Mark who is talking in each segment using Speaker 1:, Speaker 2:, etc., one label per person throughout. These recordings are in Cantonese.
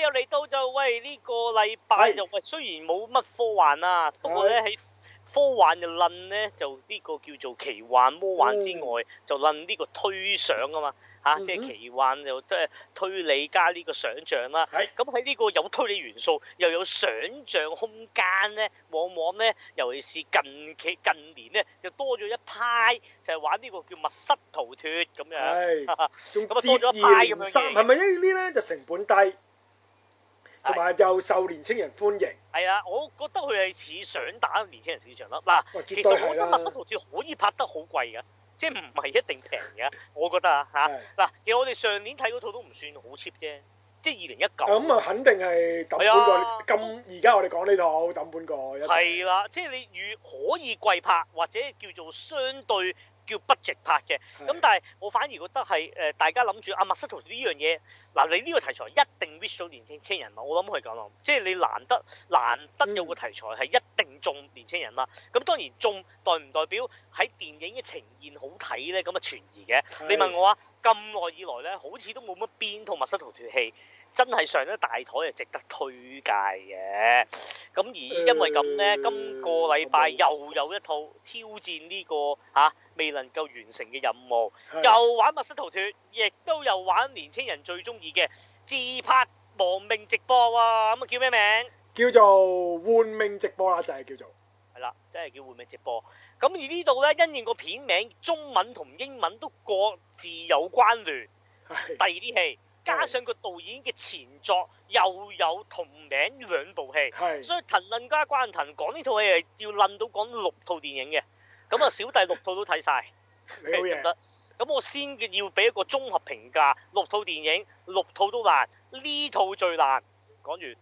Speaker 1: 又嚟到喂、這個、就喂呢個禮拜就喂，雖然冇乜科幻啊，不過咧喺科幻就論咧就呢個叫做奇幻魔幻、哦、之外，就論呢個推想啊嘛吓，嗯、哼即係奇幻又即係推理加呢個想象啦。咁喺呢個有推理元素又有想象空間咧，往往咧，尤其是近期近年咧，就多咗一派就係、是、玩呢個叫密室逃脫咁樣，仲接二連三，係咪呢
Speaker 2: 啲咧就成本低？同埋又受年青人歡迎，
Speaker 1: 係啊！我覺得佢係似想打年青人市場咯。嗱，絕對 其實我覺得密室逃脫可以拍得好貴嘅，嗯、即係唔係一定平嘅。 我覺得啊，嚇嗱是，其實我哋上年睇嗰套都唔算好 cheap 啫，即係二零一九。咁啊、嗯嗯，肯
Speaker 2: 定係揼本個咁。而家、啊、我哋講呢套揼本個。係
Speaker 1: 啦、啊，即係你如可以貴拍，或者叫做相對。叫不直拍嘅，咁是但係我反而覺得係誒、呃，大家諗住阿密室逃脫呢樣嘢，嗱、啊、你呢個題材一定 reach 到年輕人嘛，我諗係咁咯，即係你難得難得有個題材係一定中年輕人啦。咁、嗯、當然中代唔代表喺電影嘅呈現好睇咧，咁啊存疑嘅。是你問我啊，咁耐以來咧，好似都冇乜邊套密室逃脫戲。真係上咗大台，係值得推介嘅。咁而因為咁呢，呃、今個禮拜又有一套挑戰呢、這個嚇、啊、未能夠完成嘅任務，的又玩密室逃脫，亦都又玩年青人最中意嘅自拍亡命直播喎、啊。咁、嗯、啊叫咩名？
Speaker 2: 叫做《玩命直播》啦，就係叫做。
Speaker 1: 係啦，真係叫《玩命直播》。咁、就是就是、而呢度呢，因應個片名，中文同英文都各自有關聯。的第二啲戲。加上個導演嘅前作又有同名兩部戲，是所以騰論家關騰講呢套戲係要論到講六套電影嘅，咁啊小弟六套都睇晒，幾 好嘅玩，咁 我先要俾一個綜合評價，六套電影六套都爛，呢套最爛。講完，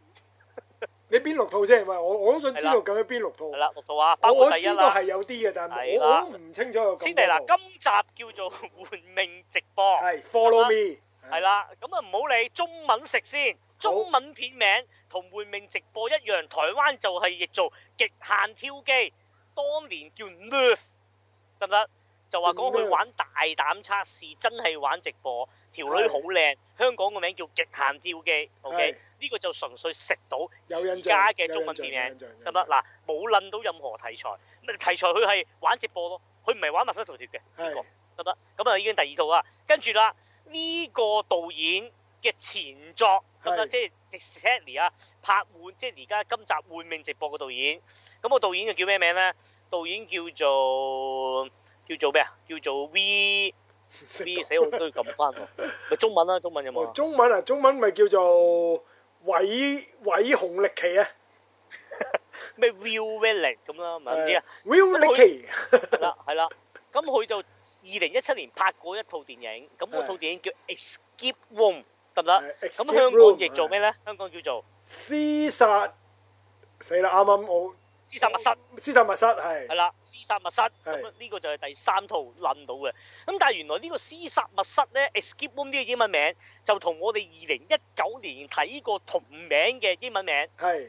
Speaker 2: 你邊六套先？唔係我我都想知道究竟邊六套。係啦，六
Speaker 1: 套啊，包括第一我我知道係有啲嘅，但係我唔的清楚。先嚟啦，今集叫做玩命直播，係的 Follow Me。係啦，咁啊唔好理中文食先，中文片名同《玩命直播》一樣，台灣就係譯做《極限挑機》，當年叫《Nerve》，得唔得？就話講佢玩大膽測試，真係玩直播，條女好靚，香港個名叫《極限挑機》。OK，呢個就純粹食到有人家嘅中文片名，得唔得？嗱，冇論到任何題材，題材佢係玩直播咯，佢唔係玩密室逃脱嘅呢個，得唔得？咁啊的已經第二套啦，跟住啦。呢個導演嘅前作，咁樣是的 即係 Xavier 啊，拍換即係而家今集玩命直播嘅導演。咁個導演又叫咩名咧？導演叫做叫做咩啊？叫做 V 懂懂 V 死好都要撳翻喎。咪 中文啦，中文有冇？中
Speaker 2: 文啊，中文咪叫做韋韋雄力奇啊。
Speaker 1: 咩 Will Reddy 咁咯，唔、呃、知啊。Will Reddy。係啦。咁佢就二零一七年拍過一套電影，咁嗰套電影叫 Escape Room，得唔得？咁香港譯做咩咧？香港叫做
Speaker 2: 屍殺，死啦！啱啱我屍殺密室，屍殺密室係，係
Speaker 1: 啦，屍殺密室。咁呢個就係第三套撚到嘅。咁但係原來呢個屍殺密室咧，Escape Room 呢個英文名就同我哋二零一九年睇過同名嘅英文名係。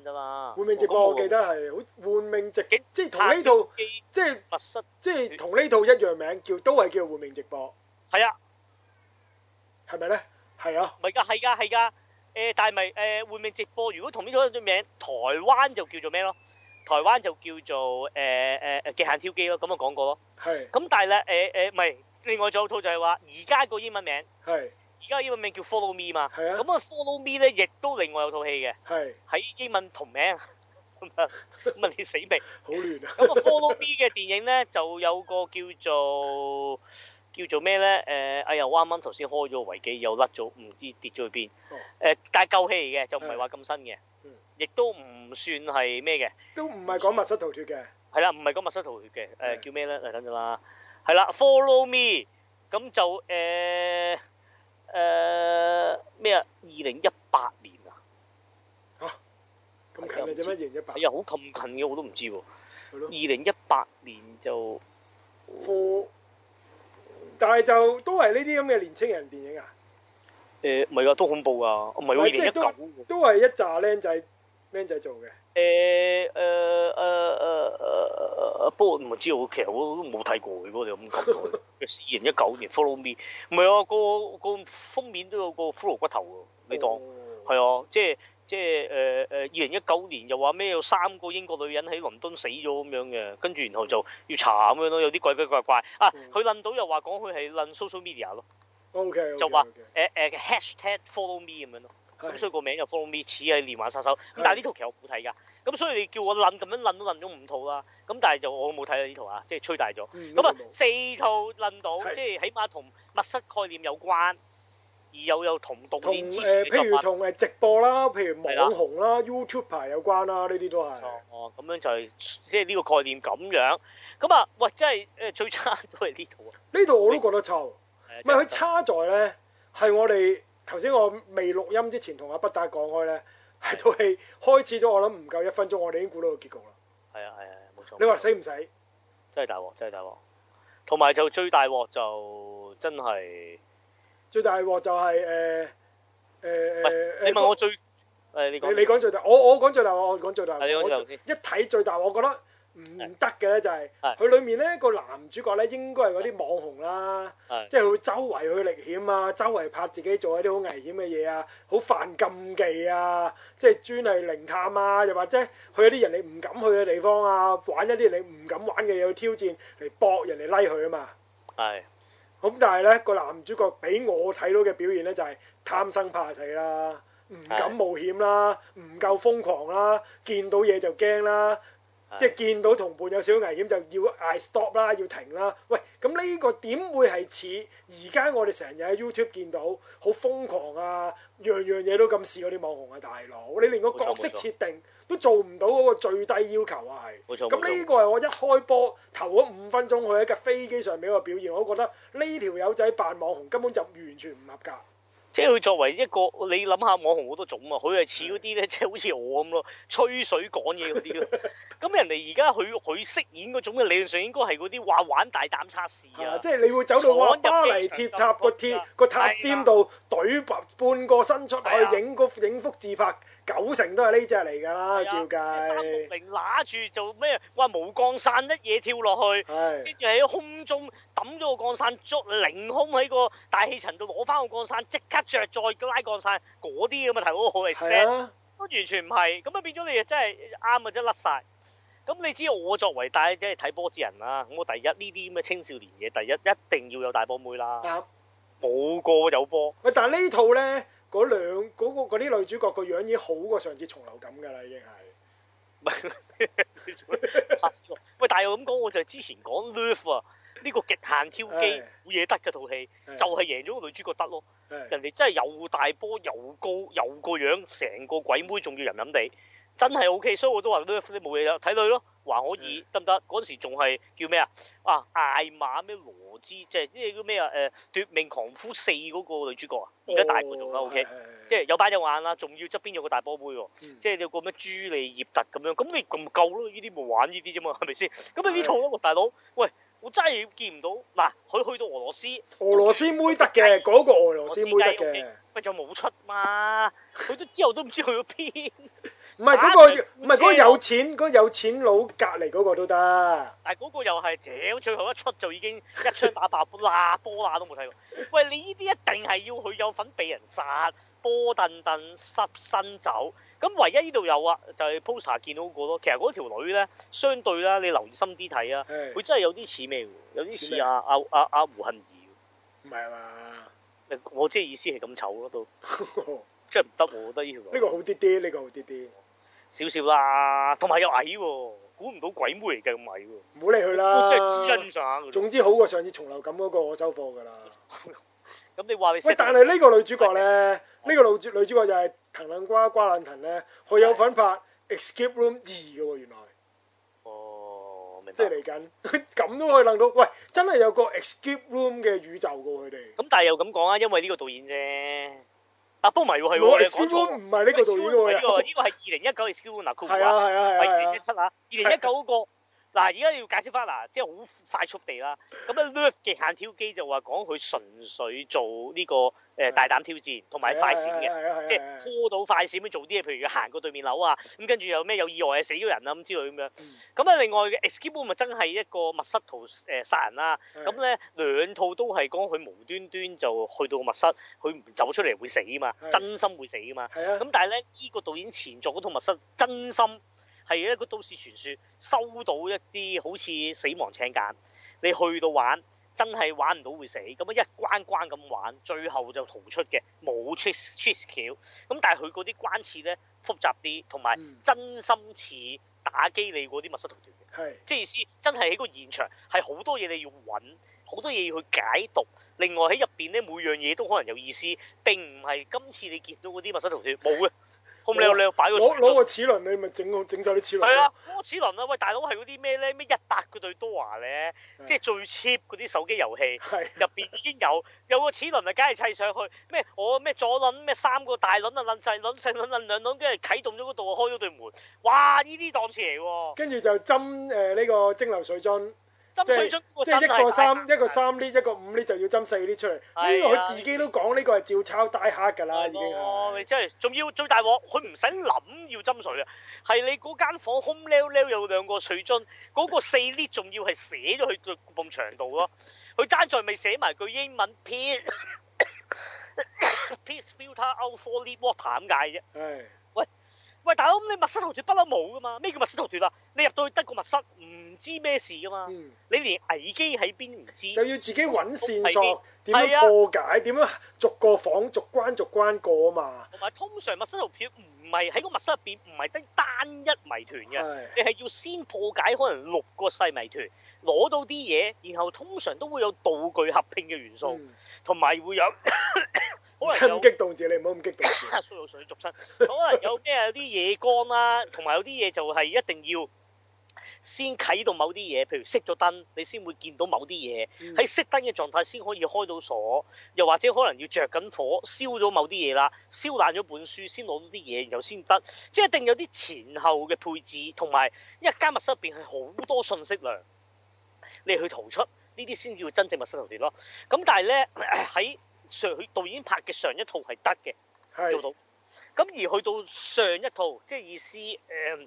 Speaker 2: 啫嘛，玩命直播我記得係好玩命直擊，即係同呢套即係是室即係同呢套一樣名叫都係叫玩命直播，係啊，係咪咧？係啊，
Speaker 1: 唔係噶係噶係噶，誒、呃、但係咪誒玩命直播如果同呢套嘅名台灣就叫做咩咯？台灣就叫做誒誒誒極限挑機咯，咁我講過咯，係是，咁但係咧誒誒唔係，另外仲有套就係話而家個英文名係。是而家英文名叫 Follow Me 嘛，咁啊 Follow Me 咧，亦都另外有套戲嘅，喺英文同名問你死未？好亂。咁啊 Follow Me 嘅電影咧，就有個叫做叫做咩咧？誒，哎呀，啱啱頭先開咗個維基，又甩咗，唔知跌咗去邊。誒，但係舊戲嚟嘅，就唔係話咁新嘅，亦都唔算係咩嘅，
Speaker 2: 都唔係講密室逃脫嘅，
Speaker 1: 係啦，唔係講密室逃脫嘅，誒叫咩咧？你等陣啦，係啦 Follow Me，咁就誒。誒咩、呃、啊？二零一八年啊吓咁
Speaker 2: 近嘅啫咩？二零一八，
Speaker 1: 哎呀，好近近嘅，我都唔知喎、啊。二零一八年就
Speaker 2: 科，For 我但係就都係呢啲咁嘅年青人電影啊。誒、
Speaker 1: 欸，唔係啊，都恐怖啊。唔係喎，二零一九
Speaker 2: 都係一紮僆仔僆仔做嘅。誒誒誒誒誒
Speaker 1: 不過，唔知道其實我都冇睇過佢嗰種咁嘅。 二零一九年 follow me，唔係啊，那個個封面都有個骷髏骨頭喎。你當係、哦、啊，即係即係誒誒，二零一九年又話咩有三個英國女人喺倫敦死咗咁樣嘅，跟住然後就要查咁樣咯，有啲鬼鬼怪、怪怪。啊，佢論、嗯、到又話講佢係論 social media 咯，就話誒誒 hashtag follow me 咁樣咯。咁所以個名就 follow me 似係連環殺手，咁的但係呢套其實我冇睇㗎。咁所以你叫我諗咁樣諗都諗咗五套啦。咁但係就我冇睇到呢套啊，即係吹大咗。咁啊四套諗到，即係的起碼同密室概念有關，而又有同讀你、呃、譬如同
Speaker 2: 誒直播啦，譬如網紅啦、的 YouTube 係有關啦，呢啲都係錯。
Speaker 1: 哦，咁樣就係、是、即係呢個概念咁樣。咁啊，喂，真係誒最差都係呢套啊。
Speaker 2: 呢套我都覺得臭，唔係佢差在咧，係我哋。頭先我未錄音之前同阿不打講開咧，係套戲開始咗，我諗唔夠一分鐘，我哋已經估到個結局啦。係
Speaker 1: 啊係啊，冇錯。你話死唔死？真係大鑊，真係大鑊。同埋就最大鑊就真係
Speaker 2: 最大鑊就係誒誒誒。你問我最
Speaker 1: 誒、呃，你講你講最
Speaker 2: 大，我我講最大鑊，我講最大鑊。一睇最大鑊，我覺得。唔得嘅咧，就係佢裏面咧，個男主角咧，應該係嗰啲網紅啦，是的 即係佢周圍去歷險啊，周圍拍自己做一啲好危險嘅嘢啊，好犯禁忌啊，即係專係靈探啊，又或者去一啲人哋唔敢去嘅地方啊，玩一啲你唔敢玩嘅嘢去挑戰嚟搏人哋拉佢啊嘛。係是的，咁但係咧個男主角俾我睇到嘅表現咧就係貪生怕死啦，唔敢冒險啦，唔夠瘋狂啦，見到嘢就驚啦。即係見到同伴有少少危險就要嗌 stop 啦，要停啦。喂，咁呢個點會係似而家我哋成日喺 YouTube 見到好瘋狂啊，樣樣嘢都咁似嗰啲網紅啊，大佬！你連個角色設定都做唔到嗰個最低要求啊，係。冇錯。咁呢個係我一開波頭嗰五分鐘佢喺架飛機上面嗰個表現，我都覺得呢條友仔扮網紅根本就完全唔合格。
Speaker 1: 即係佢作為一個，你諗下網紅好多種啊，佢係似嗰啲咧，即係好似我咁咯，吹水講嘢嗰啲咯。咁 人哋而家佢佢飾演嗰種嘅理論上應該係嗰啲話玩大膽測試
Speaker 2: 啊，即係你會走到巴巴黎鐵塔個鐵個塔尖度，懟半個身伸出去影個影幅自拍。九成都係呢隻嚟㗎啦，啊、照計解。三六
Speaker 1: 零拿住做咩？哇！冇降傘一嘢跳落去，跟住喺空中揼咗個降傘，捉凌空喺個大氣層度攞翻個降傘，即刻着再拉降傘，嗰啲咁嘅題好為聲。啊、都完全唔係，咁啊變咗你真係啱啊，真係甩晒。咁你知道我作為大即係睇波之人啦。咁我第一呢啲咩青少年嘢，第一一定要有大波妹啦。
Speaker 2: 冇但 過有波。喂，但呢套咧？嗰兩啲女主角個樣已經好過上次重流感咁㗎啦，已經係。唔係，
Speaker 1: 喂，但係我咁講，我就之前講《Nerve》啊，呢個極限挑機好嘢得嘅套戲， 就係贏咗個女主角得咯。 人哋真係又大波又高又個樣，成個鬼妹仲要淫淫地。真係 OK，所以我都話都冇嘢睇佢咯，還可以得唔得？嗰陣、嗯、時仲係叫咩啊？啊，艾瑪咩羅之，即係呢個咩啊？誒、呃，奪命狂呼四嗰個女主角啊，而家、哦、大個咗 OK，< 是的 S 1> 即係有班人玩啦，仲要側邊有個大波妹喎，嗯、即係有個咩朱莉葉特咁樣，咁你咁夠咯？呢啲冇玩呢啲啫嘛，係咪先？咁啊呢套咯，是的 大佬，喂，我真係見唔到嗱，佢去，去到俄羅斯，
Speaker 2: 俄羅斯妹得嘅，嗰個俄羅斯妹得嘅，咪就冇出嘛，佢
Speaker 1: 都之後都唔知去咗邊。 唔係嗰個，唔係嗰個有
Speaker 2: 錢嗰、嗰個有錢佬隔離嗰個都得。但
Speaker 1: 係嗰個又係屌，最後一出就已經一槍打爆 波啦波啦都冇睇過。喂，你呢啲一定係要佢有份被人殺，波燉燉濕身走。咁唯一呢度有啊，就係 poza 見到、嗰個咯。其實嗰條女咧，相對啦，你留意深啲睇啊，佢 Hey, 真係有啲似咩？有啲似阿阿阿阿胡杏兒。唔係啊嘛，我即係意思係咁醜咯都， 真係唔得我覺得呢條。呢 個好啲
Speaker 2: 啲，呢、呢個好啲啲。
Speaker 1: 少少啦，同埋又矮喎，估唔到鬼妹嚟嘅咁矮喎，唔好理佢啦，即係主因上總之
Speaker 2: 好過上次重流感嗰個我收貨噶啦。
Speaker 1: 咁 你話你？喂，但係
Speaker 2: 呢個女主角咧，呢個女主女主角就係藤咁瓜瓜咁藤咧，佢、哦、有份拍、A、是 Escape Room 二嘅，原來。哦，明白。即係嚟緊，咁都可以諗到，喂，真係有個、A、Escape Room 嘅宇宙噶，佢哋。
Speaker 1: 咁但係又咁講啊，因為呢個導演啫。啊，都唔係喎，係喎，你講錯
Speaker 2: 喎，唔係呢個度喎，呢個呢
Speaker 1: 個係二零一九 Eskimo 嗱，佢唔係啊，係二零一七啊，二零一九嗰個、啊。嗱，而家要解釋翻嗱，即係好快速地啦。咁咧 Nerve 極限挑機就話講佢純粹做呢個誒大膽挑戰同埋快閃嘅，即係拖到快閃咁做啲嘢，譬如要行過對面樓啊，咁跟住有咩有意外死咗人啊咁之類咁樣。咁啊，另外嘅 Escape Room 咪真係一個密室圖誒殺人啦。咁咧兩套都係講佢無端端就去到密室，佢唔走出嚟會死啊嘛，真心會死啊嘛。咁但係咧呢個導演前作嗰套密室真心。係一個都市傳說，收到一啲好似死亡請柬。你去到玩，真係玩唔到會死。咁啊一關一關咁玩，最後就逃出嘅，冇 trick trick 橋。咁但係佢嗰啲關設咧複雜啲，同埋真心似打機你嗰啲密室逃脫嘅。係是，即係意思真係喺個現場係好多嘢你要揾，好多嘢要去解讀。另外喺入邊咧每樣嘢都可能有意思，並唔係今次你見到嗰啲密室逃脫冇
Speaker 2: 啊。咁你又你又擺個攞攞個齒輪，你咪整個整晒啲齒輪。係啊，
Speaker 1: 個齒輪啊，喂大佬係嗰啲咩咧？咩一百嗰對多華咧？啊、即係最 cheap 嗰啲手機遊戲入邊、啊、已經有有個齒輪啊，梗係砌上去咩？我咩左輪咩三個大輪啊，輪細輪細輪輪兩輪，跟住啟動咗嗰度啊，我開咗對門。哇！呢啲檔次嚟喎。
Speaker 2: 跟住就斟誒呢個蒸餾水樽。針水針即係即係一個三黑一個三啲是的 一個五啲就要針四啲出嚟，呢我的自己都講呢個係照抄大黑噶啦，已經
Speaker 1: 係。哦，你真係仲要最大鑊，佢唔使諗要針水啊，係你嗰間房空溜溜，有兩個水樽，嗰、嗰個四啲仲要係寫咗佢個牆度咯，佢爭在未寫埋句英文 p e c piece filter out four liter water 咁解啫。 喂，大佬，咁你密室逃脫不嬲冇噶嘛？咩叫密室逃脫啊？你入到去得個密室，唔知咩事噶嘛？嗯、你連危機喺邊唔知，就要自己揾線索，點樣破
Speaker 2: 解？點、啊、樣逐個房逐關逐關過啊嘛？
Speaker 1: 同埋通常密室逃脫唔～唔係喺個密室入邊，唔係得單一迷團嘅，你係要先破解可能六個細迷團，攞到啲嘢，然後通常都會有道具合拼嘅元素，同埋會有
Speaker 2: 可能有啲嘢 你唔好咁激
Speaker 1: 動， 光啦、啊，同埋有啲嘢就係一定要先啟動某啲嘢，譬如熄咗燈，你先會見到某啲嘢。喺熄、嗯、燈嘅狀態先可以開到鎖，又或者可能要着緊火，燒咗某啲嘢啦，燒爛咗本書先攞到啲嘢，然後先得。即係一定有啲前後嘅配置，同埋一間密室入邊係好多信息量，你去逃出呢啲先叫真正密室逃脫咯。咁但係咧喺上佢導演拍嘅上一套係得嘅，是做到。咁而去到上一套，即係意思誒，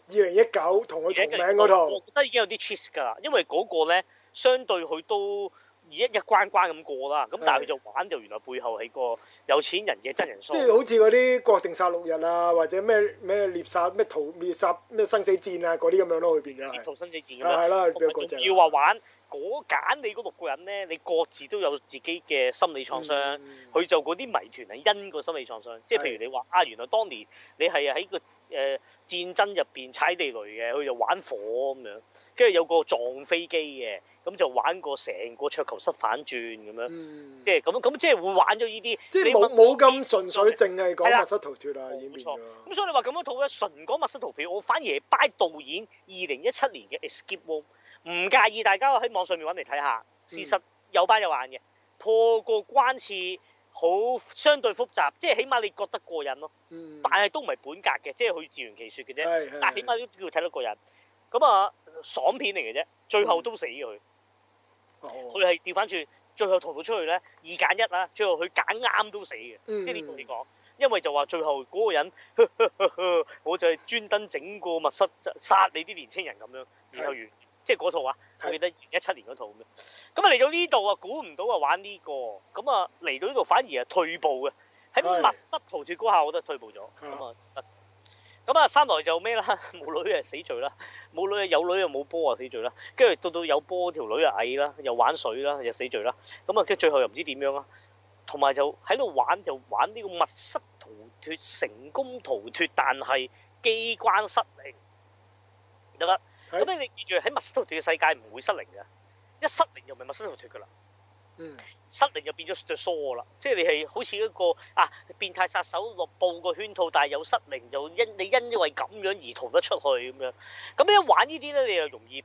Speaker 1: 二
Speaker 2: 零一九同佢同名嗰套，2019 套我
Speaker 1: 覺得已經有啲 c h e s e 㗎啦。因為嗰個咧，相對佢都一一關關咁過啦。咁是但係佢就玩就原來背後係個有錢人嘅真人 show、啊、即係好似
Speaker 2: 嗰啲國定殺戮日啊，或者咩咩獵殺，咩屠滅殺，咩生死戰啊嗰啲咁樣咯，佢變咗。呢套生死
Speaker 1: 戰啊，係啦，比較國際。要話玩。嗰揀你嗰六個人咧，你各自都有自己嘅心理創傷，佢就嗰啲謎團係因個心理創傷。即係譬如你話啊，原來當年你係喺個誒戰爭入邊踩地雷嘅，佢就玩火咁樣；跟住有個撞飛機嘅，咁就玩過成個桌球室反轉咁樣。即係咁咁，即係會玩咗呢啲。即係冇
Speaker 2: 冇咁純粹，淨係講密室逃脫啊，冇錯，變咗。
Speaker 1: 咁所以你話咁樣套咧，純講密室逃脫，我反而 buy 導演二零一七年嘅 Escape Room。唔介意大家喺網上面揾嚟睇下，事實有班有眼嘅、嗯、破個關次好相對複雜，即係起碼你覺得過癮咯。嗯、但係都唔係本格嘅，即係佢自圓其説嘅啫。嗯、但係起碼都要睇得過癮。咁、嗯、啊，爽片嚟嘅啫，最後都死佢。佢係掉返轉，最後逃到出去咧，二揀一啦，最後佢揀啱都死嘅。即係你同你講，因為就話最後嗰個人，呵呵呵呵我就係專登整個密室殺你啲年青人咁樣，然後完。即係嗰套啊，是我記得二一七年嗰套咁樣。咁啊嚟到呢度啊，估唔到啊玩呢、呢個。咁啊嚟到呢度反而係退步嘅，喺密室逃脱嗰下我都係退步咗。咁啊、嗯，咁啊三來就咩啦？冇 女係死罪啦，冇女有女又冇波啊死罪啦。跟住到到有波條女又矮啦，又玩水啦又死罪啦。咁啊，跟最後又唔知點樣啦。同埋就喺度玩就玩呢個密室逃脱成功逃脱，但係機關失靈得得，咁咧，你記住喺密室逃脫嘅世界唔會失靈嘅，一失靈就咪密室逃脫噶啦，嗯，失靈就變咗隻梳噶啦，即係你係好似一個啊變態殺手落佈個圈套，但係有失靈就因你因因為咁樣而逃得出去咁樣，咁一玩呢啲咧，你又容易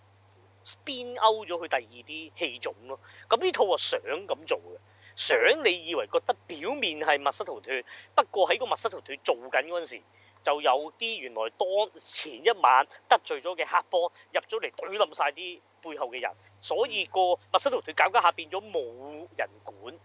Speaker 1: 編勾咗佢第二啲戲種咯，咁呢套我想咁做嘅，想你以為覺得表面係密室逃脫，不過喺個密室逃脫做緊嗰陣時。就有啲原來當前一晚得罪咗嘅黑幫入咗嚟，懟冧曬啲背後嘅人，所以個密室逃脫搞搞下變咗冇人管。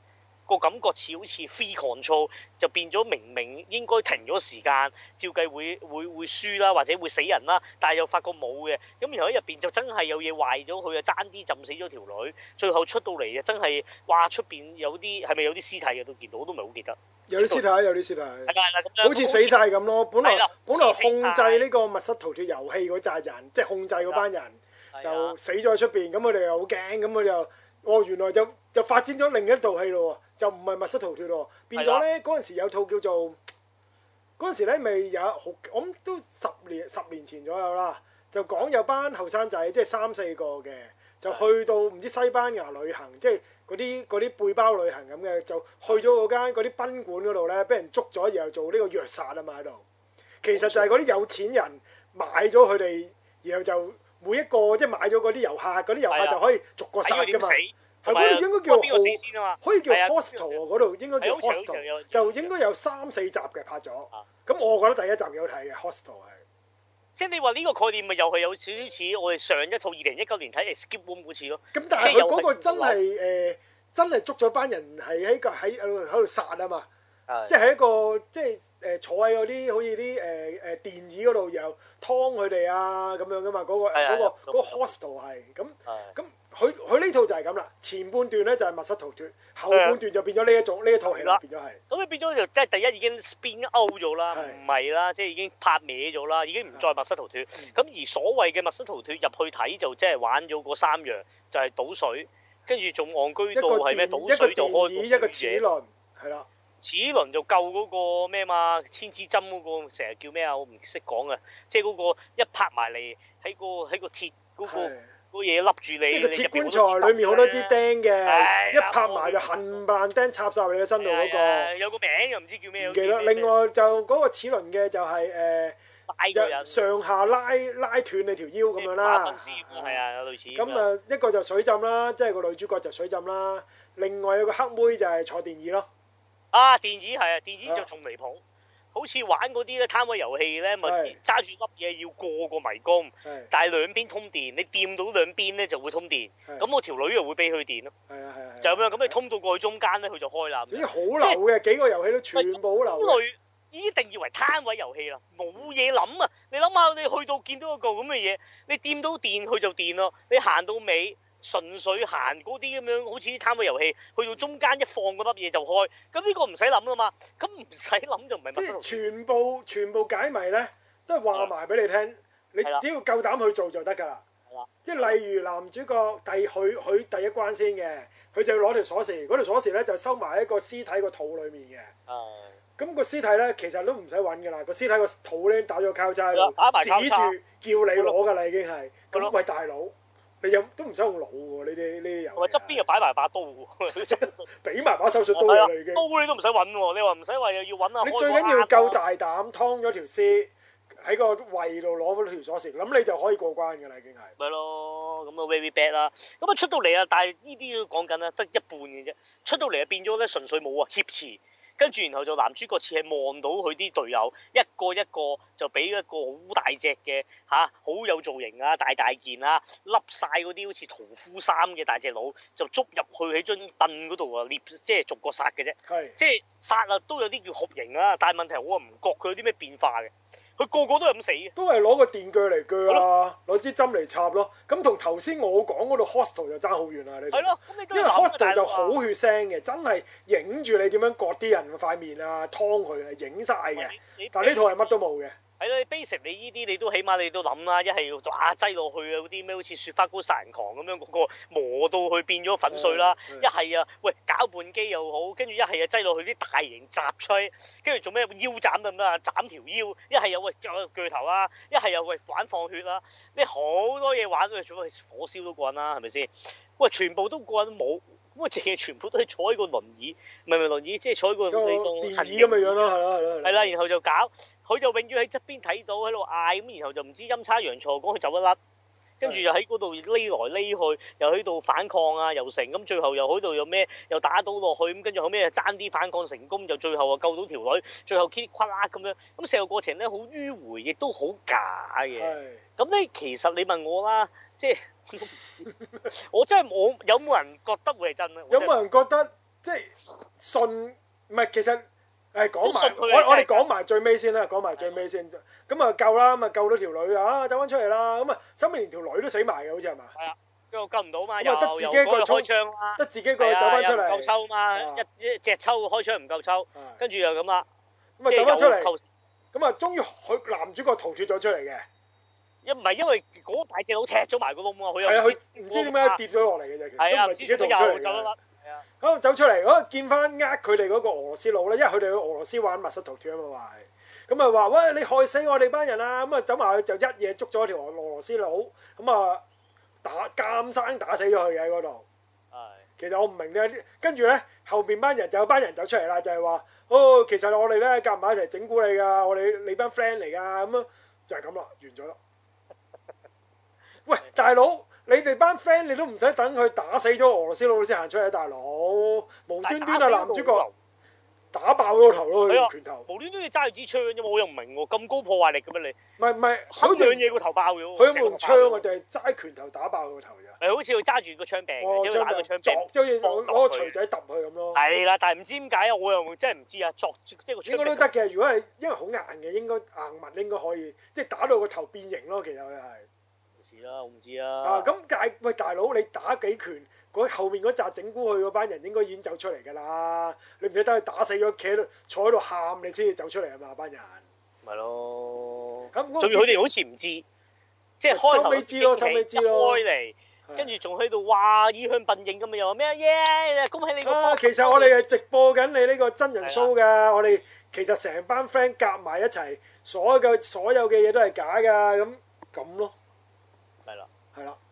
Speaker 1: 個感覺似好似 free control 就變咗明明應該停咗時間，照計會會會輸啦，或者會死人啦，但係又發覺冇嘅，咁然後喺入邊就真係有嘢壞咗，佢啊爭啲浸死咗條女，最後出到嚟啊真係嘩出邊有啲係咪有啲屍體嘅？我都見到，我都唔係好記得，
Speaker 2: 有啲屍體有啲屍體，
Speaker 1: 好似死
Speaker 2: 晒咁咯，對對對本來本來控制呢個密室逃脫遊戲嗰扎人，對對對即係控制嗰班人就死咗喺出邊，咁佢哋又好驚，咁佢就，就，就哦，哦原來就。就發展咗另一套戲咯喎，就唔係密室逃脫咯，變咗咧嗰陣時有套叫做嗰陣時咧，未有好，我諗都十年十年前左右啦，就講有班後生仔即係三四個嘅，就去到唔知西班牙旅行，即係嗰啲啲背包旅行咁嘅，就去咗嗰間嗰啲賓館嗰度咧，俾人捉咗，然後做呢個虐殺啊嘛喺度，其實就係嗰啲有錢人買咗佢哋，然後就每一個即係買咗嗰啲遊客，嗰啲遊客就可以逐個殺㗎嘛。的係嗰度應該叫可以叫 hostel 啊，嗰度應該叫 hostel，就應該有三四集嘅拍咗。咁我覺得第一集幾好睇嘅 hostel 係，
Speaker 1: 即係你話呢個概念咪又係有少少似我哋上一套二零一九年睇嘅《Skip Home》好似咯。
Speaker 2: 咁但係嗰個真係誒，真係捉咗班人係喺個喺喺度殺啊嘛。即係一個即係誒坐喺嗰啲好似啲誒誒電椅嗰度又劏佢哋啊咁樣噶嘛。嗰個嗰 hostel 係。咁咁。佢佢呢套就係咁啦，前半段咧就係密室逃脱，後半段就變咗呢一種呢一套戲啦，變咗係。咁啊變咗就即係第一已經變歐咗啦。
Speaker 1: 唔係啦，即係已經拍歪咗啦，已經唔再密室逃脱。咁的、嗯、而所謂嘅密室逃脱入去睇就即係玩咗嗰三樣，就係、是、倒水，跟住仲戇居到係咩？倒水度開水一個,一個齒輪，係啦。齒輪就救嗰個咩嘛？千支針嗰、嗰個成日叫咩啊？我唔識講啊。即係嗰個一拍埋嚟喺個喺個鐵嗰、嗰個。個嘢笠住你，即係個鐵棺材裏面好多支
Speaker 2: 釘嘅，的一拍埋就冚唪唥釘插晒你嘅身度嗰、那個的、那個。有個名
Speaker 1: 又唔知叫咩，
Speaker 2: 唔記得。另外就嗰個齒輪嘅就係、是、誒、呃、上下拉拉斷你條腰咁樣啦。
Speaker 1: 係啊，類似。咁
Speaker 2: 啊，一個就水浸啦，即係個女主角就水浸啦。另外有個黑妹就係坐電椅咯。
Speaker 1: 啊，電椅係啊，電椅就仲離譜。好似玩嗰啲咧攤位遊戲咧，咪揸住粒嘢要過個迷宮，的但係兩邊通電，你掂到兩邊咧就會通電，咁的我條女又會俾佢電咯。係啊，係啊，就咁樣咁你通到過去中間咧，佢就開啦。啲好流
Speaker 2: 嘅幾個遊戲都全部都流。
Speaker 1: 一定以為攤位遊戲啦，冇嘢諗啊！你諗下，你去到見到一個咁嘅嘢，你掂到電佢就電咯，你行到尾。純粹行嗰啲咁樣，好似啲攤位遊戲，去到中間一放嗰粒嘢就開，咁呢個唔使諗啊嘛，咁唔使諗就唔係密室。即係
Speaker 2: 全部全部解謎咧，都係話埋俾你聽。的你只要夠膽去做就得㗎啦。即係的例如男主角第佢佢第一關先嘅，佢就要攞條鎖匙，嗰條鎖匙咧就收埋喺個屍體個肚裡面嘅。哦的。咁個屍體咧其實都唔使搵㗎啦，個屍體個肚咧打咗個交叉囉，打埋交叉指住叫你攞㗎啦，的的已經係咁咪大佬。都唔使用腦喎，呢啲呢啲又。同埋側邊又擺埋把刀喎，俾埋 把手術刀 你已經。
Speaker 1: 刀你都唔使揾喎，你話唔使話又要揾啊。你最緊要夠大
Speaker 2: 膽，劏咗條蛇喺個胃度攞咗條鎖匙，咁你就可以過關㗎啦，已經係。咪咯，
Speaker 1: 咁啊 very bad 啦。咁啊出到嚟啊，但係呢啲都講緊啦，得一半嘅啫。出到嚟啊變咗咧純粹冇啊挾持。跟住，然後就男主角似係望到佢啲隊友一個一個就俾一個好大隻嘅嚇，好、啊、有造型啊，大大件啊，笠晒嗰啲好似屠夫衫嘅大隻佬，就捉入去喺張凳嗰度啊，列即係逐個殺嘅啫。係是即係殺啊，都有啲叫酷刑啊，但係問題我唔覺佢有啲咩變化嘅。佢個個都係咁死，
Speaker 2: 都係攞個電鋸嚟鋸啦、啊，攞了支針嚟插咯。咁同頭先我講嗰度 hostel 就爭好遠啦，呢度。係咯，因為 hostel 就好血腥嘅是，真係影住你點樣割啲人塊面啊，劏佢啊，影晒嘅。但呢套係乜都冇嘅。
Speaker 1: 係咯，你 basic 你呢啲你都起碼你都諗啦，一係要哇擠落去啊，嗰啲咩好似雪花膏殺人狂咁樣，個個磨到佢變咗粉碎啦；一係啊喂攪拌機又好，跟住一係啊擠落去啲大型雜吹，跟住做咩腰斬咁啊？斬條腰！一係又喂鋸頭啦，一係又喂反放血啊。呢好多嘢玩啊！做咩火燒都過癮啦，係咪先？喂，全部都過癮冇，咁啊，淨係全部都係坐喺個輪椅，唔係唔係輪椅，即係坐喺個你個輪椅咁嘅樣咯，係啊，係啊。係啦， 然後就搞。佢就永遠喺側邊睇到喺度嗌咁，然後就唔知陰差陽錯講佢走一甩，跟住又喺嗰度匿來匿去，又喺度反抗啊，又成咁，最後又喺度有咩又打倒落去咁，跟住後尾又爭啲反抗成功，就最後啊救到條女，最後 K 啲垮甩咁樣，咁成個過程咧好迂迴，亦都好假嘅。咁咧是其實你問我啦，即係
Speaker 2: 我， 我真係我有冇人覺得會係真咧？ 真有冇人覺得即係信？唔係其實。誒講埋，我我哋講埋最尾先啦，講埋最尾先，咁啊救啦，咁啊救到條女啊，啊走翻出嚟啦，咁啊，後尾連條女都死埋嘅，好似係嘛？係啊，最後救唔到嘛，因為得自己過去開槍啦，得自己過去走翻出嚟，夠抽
Speaker 1: 嘛，一一隻抽開槍唔夠抽，跟住又咁啦，
Speaker 2: 咁啊走翻出嚟，咁啊終於佢男主角逃脫咗出嚟嘅，一
Speaker 1: 唔係因為嗰大隻佬踢咗埋個窿啊，佢又係啊，佢唔知點解跌咗
Speaker 2: 落嚟嘅啫，其實，係啊，自己逃出嚟。咁 Yeah. 走出嚟，咁見翻呃佢哋嗰個俄羅斯佬啦，因為佢哋去俄羅斯玩密室逃脱啊嘛，咁啊話喂你害死我哋班人啊，咁啊走埋去，就一夜捉咗一條俄俄羅斯佬，咁啊打監生打死咗佢喺嗰度，係，Yeah. 其實我唔明咧，跟住咧後邊班人就有班人走出嚟啦，就係話哦，其實我哋咧夾埋一齊整蠱你噶，我哋你班 friend 嚟噶，咁樣就係咁咯，完咗咯， 喂 Yeah. 大佬。你哋班 friend，你都唔使等佢打死咗俄羅斯佬先行出去。大佬無端端啊！男主角打爆咗個頭咯，佢用拳
Speaker 1: 頭。無端端要揸住支槍啫，我又唔明喎，咁高破壞力咁樣你？唔係唔係，好似樣嘢個頭爆咗。佢用槍啊，定係揸拳頭打爆個頭啫？係好似要揸住個槍柄，即係攞個槍，即係攞攞錘仔
Speaker 2: 揼佢咁咯。係啦，但
Speaker 1: 係唔知點解我又真係唔知啊！作即係個應該都得
Speaker 2: 嘅，如果係因為好硬嘅，應該硬物應該可以，即係打到個頭變形咯。其實佢係。
Speaker 1: 事啦，我唔知啦。啊，咁
Speaker 2: 大喂，大佬，你打幾拳，嗰後面嗰扎整蠱佢嗰班人應該已經走出嚟噶啦。你唔記得佢打死咗，企喺度坐喺度喊，你先至走出嚟啊嘛，班人。
Speaker 1: 係咯。咁仲要佢哋好似唔知，
Speaker 2: 即係開頭。收尾知咯，收尾知咯。開嚟，
Speaker 1: 跟住仲喺度話意向笨影咁啊！又話咩耶？恭喜你個波。啊，其實我哋係
Speaker 2: 直播緊你呢個真人 show 㗎。我哋其實成班 friend 夾埋一齊，所有嘅所有嘅嘢都係假㗎，咁咁咯。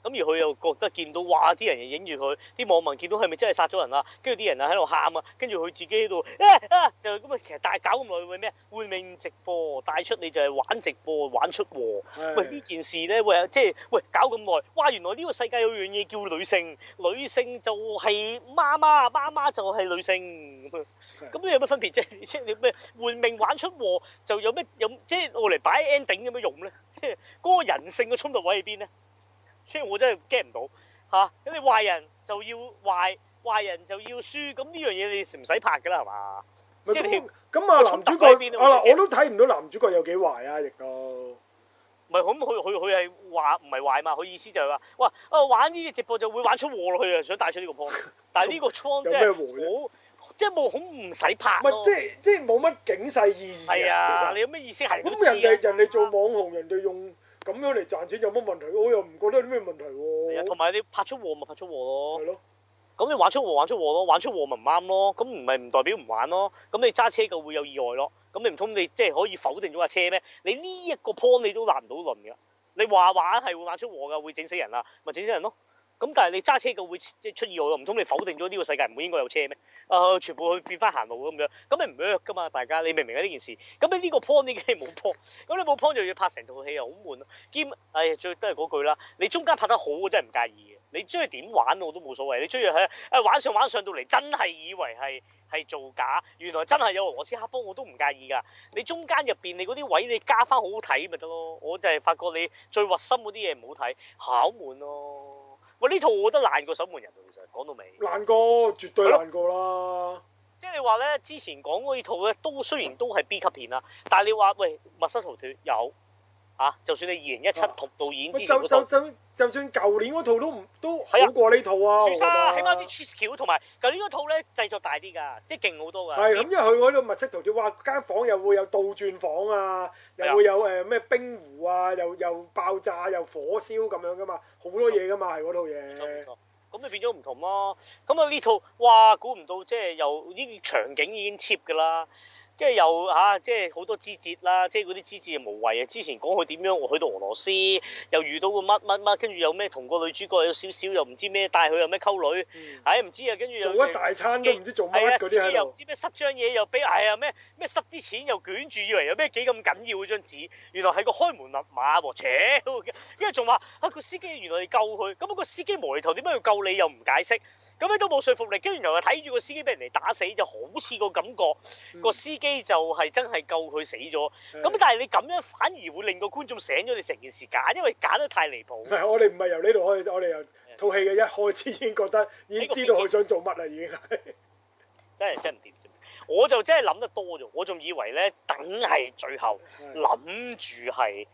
Speaker 1: 咁而佢又覺得見到哇啲人影住佢，啲網民見到係咪真係殺咗人啊？跟住啲人啊喺度喊啊，跟住佢自己喺度就咁啊！其實大搞咁耐為咩啊？玩命直播帶出你就係玩直播，玩出禍的。喂呢件事咧會，即係喂搞咁耐，哇！原來呢個世界有樣嘢叫女性，女性就係媽媽，媽媽就係女性，咁你的有乜分別啫？即係你咩玩命玩出禍就有咩有即係攞嚟擺 ending 咁樣用咧？即係嗰個人性嘅衝突位喺邊咧？所以我真係驚唔到嚇，咁、啊、你壞人就要壞，壞人就要輸，咁呢樣嘢你唔使拍噶啦，係嘛？
Speaker 2: 是即係你咁啊，那男主角啊嗱，我都睇唔到男主角有幾壞啊，亦都
Speaker 1: 唔係咁，佢佢佢係話唔係壞嘛，佢意思就係、是、話，哇！啊、玩呢個直播就會玩出禍落去啊，想帶出呢個 point，但係 呢個框即係冇，
Speaker 2: 即係冇，好唔使拍。即係即係冇乜警示意義啊！啊其實你有咩意思係咁、啊？人哋人哋做網紅，人哋用。咁樣嚟賺錢有乜問題？我又唔覺得有啲咩問題喎、啊。同
Speaker 1: 埋你拍出禍咪拍出禍咯。係咯的，咁你玩出禍玩出禍咯，玩出禍咪唔啱咯。咁唔係唔代表唔玩咯。咁你揸車嘅會有意外咯。咁你唔通你即係可以否定咗架車咩？你呢一個波你都爛唔到輪噶。你話玩係會玩出禍噶，會整死人啊，咪整死人咯。咁但係你揸車嘅會即係出意外喎，唔通你否定咗呢個世界唔會應該有車咩？誒、呃，全部去變翻行路咁樣，咁你唔 rock 噶嘛？大家你明唔明啊？呢件事咁咧，呢個 point 啲冇 point，咁你冇 point 就要拍成套戲又好悶咯、啊。兼哎最都係嗰句啦，你中間拍得好，我真係唔介意嘅。你中意點玩我都冇所謂，你中意喺誒玩上玩上到嚟，真係以為係係造假，原來真係有俄羅斯黑幫，我都唔介意噶。你中間入邊你嗰啲位你加翻好好睇咪得咯。我就係發覺你最核心嗰啲嘢唔好睇，考悶咯、啊。我呢套我覺得爛過守門人，其實講到尾
Speaker 2: 爛過，絕對爛過啦。
Speaker 1: 即係你話咧，之前講嗰啲套咧，都雖然都係 B 級片啦，但係你話喂，密室逃脫有。啊！就算你二零一七同導演、啊，就就就
Speaker 2: 就算舊年嗰套都唔都好過呢套啊！差啦，啊，起碼啲
Speaker 1: 技巧同埋舊年嗰套咧製作大啲噶即係勁好多噶。係咁一去
Speaker 2: 嗰度密室逃脫，哇！間房又會有倒轉房啊，又會有誒咩、啊呃、冰湖啊，又又爆炸又火燒咁樣噶嘛，好多嘢噶嘛係嗰同套嘢。
Speaker 1: 咁就變咗唔同咯，啊。咁啊呢套哇，估唔到即係有啲場景已經 cheap 噶啦。跟住又嚇、啊，即係好多枝節啦，即係嗰啲枝節又無謂啊！之前講佢點樣去到俄羅斯又遇到個乜乜乜，跟住又咩同個女主角有少少，又唔知咩帶佢又咩溝女，唉、哎、唔知啊！跟住又做一大餐都唔知做乜，嗰啲又唔知咩塞張嘢又俾，係啊咩咩塞啲錢又捲住以為有咩幾咁緊要嗰張紙，原來係個開門密碼喎，扯！跟住仲話啊個司機原來嚟救佢，咁啊個司機無厘頭點解要救你又唔解釋，咁樣都冇説服力，跟住又睇住個司機俾人哋打死就好似個感覺，個司。機就係真係救佢死咗，咁是的 但係你咁樣反而會令個觀眾醒咗你成件事假，因為假得太離譜。唔係我哋
Speaker 2: 唔係由呢度開始，我哋由套戲嘅一開始已經覺得，是的 已經知道佢想做乜啦，已經係
Speaker 1: 真係真係唔掂。我就真係諗得多咗，我仲以為咧等係最後諗住係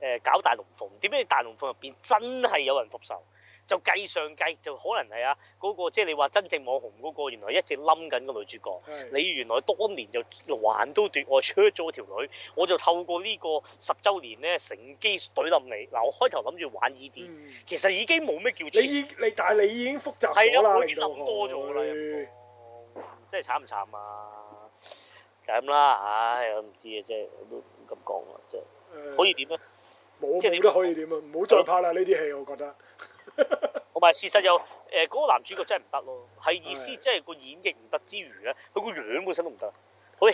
Speaker 1: 誒搞大龍鳳，點解你大龍鳳入邊真係有人復仇。就計上計，就可能係啊嗰、那個，即係你話真正網紅嗰、那個，原來一直冧緊個女主角。的你原來當年就還都奪愛，我出咗條女，我就透過呢個十週年咧，乘機懟冧你。嗱，我開頭諗住玩呢啲，其實已
Speaker 2: 經冇咩叫你，你但係你已經複雜，係啊，我已經諗多咗啦。你嗯、真
Speaker 1: 係慘唔慘啊？就咁啦，唉，我唔知啊，即係都唔敢講啊，
Speaker 2: 即係、呃、可以點咧？冇冇得可以點啊？唔好再拍啦呢啲戲，我覺得。
Speaker 1: 同埋事實有誒，嗰個男主角真係唔得咯，係意思即係個演繹唔得之餘咧，佢個樣本身都唔得，佢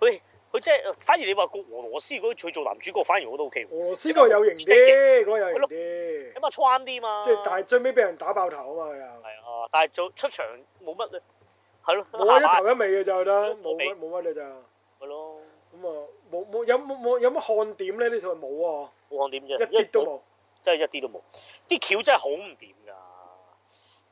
Speaker 1: 佢佢即係反而你話個俄羅斯嗰個佢做男主角反而我都 ok，俄羅斯嗰個有型啲，嗰
Speaker 2: 個有型啲，起碼粗啲嘛。即係但係最尾俾人打爆頭啊嘛又。係啊，但係做出場冇乜咧，係咯，冇一頭一尾嘅就得，冇乜冇乜嘅就係咯。咁啊，冇冇有冇冇有乜看點咧？呢套冇啊，
Speaker 1: 冇看點啫，一啲都冇。真係一啲都冇，
Speaker 2: 啲橋真係好唔
Speaker 1: 掂㗎。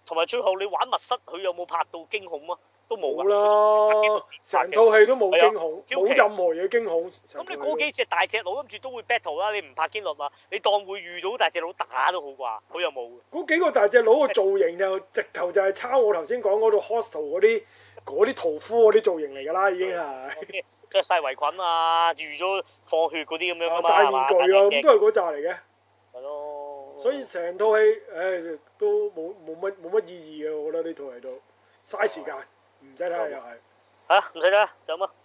Speaker 1: 同埋最後你玩密室，佢有冇拍到驚恐啊？都冇啦，
Speaker 2: 成套戲都冇驚恐，冇任何嘢驚恐。咁、哎、你嗰
Speaker 1: 幾隻大隻佬，諗住都會 battle 啦。你唔拍驚悚嘛？你當會遇到大隻佬打都好啩。好又冇。
Speaker 2: 嗰幾個大隻佬個造型就直頭就係抄我頭先講嗰套 hostel 嗰啲啲屠夫嗰啲造型嚟㗎啦，已經係
Speaker 1: 即係曬圍裙啊，預咗放血嗰啲
Speaker 2: 咁樣戴面具啊，都係嗰扎嚟嘅。所以成套戲，唉、哎，都冇冇乜冇乜意義嘅，我覺得呢套喺度，嘥時間，唔使睇又係。
Speaker 1: 啊，唔使睇，走啊。是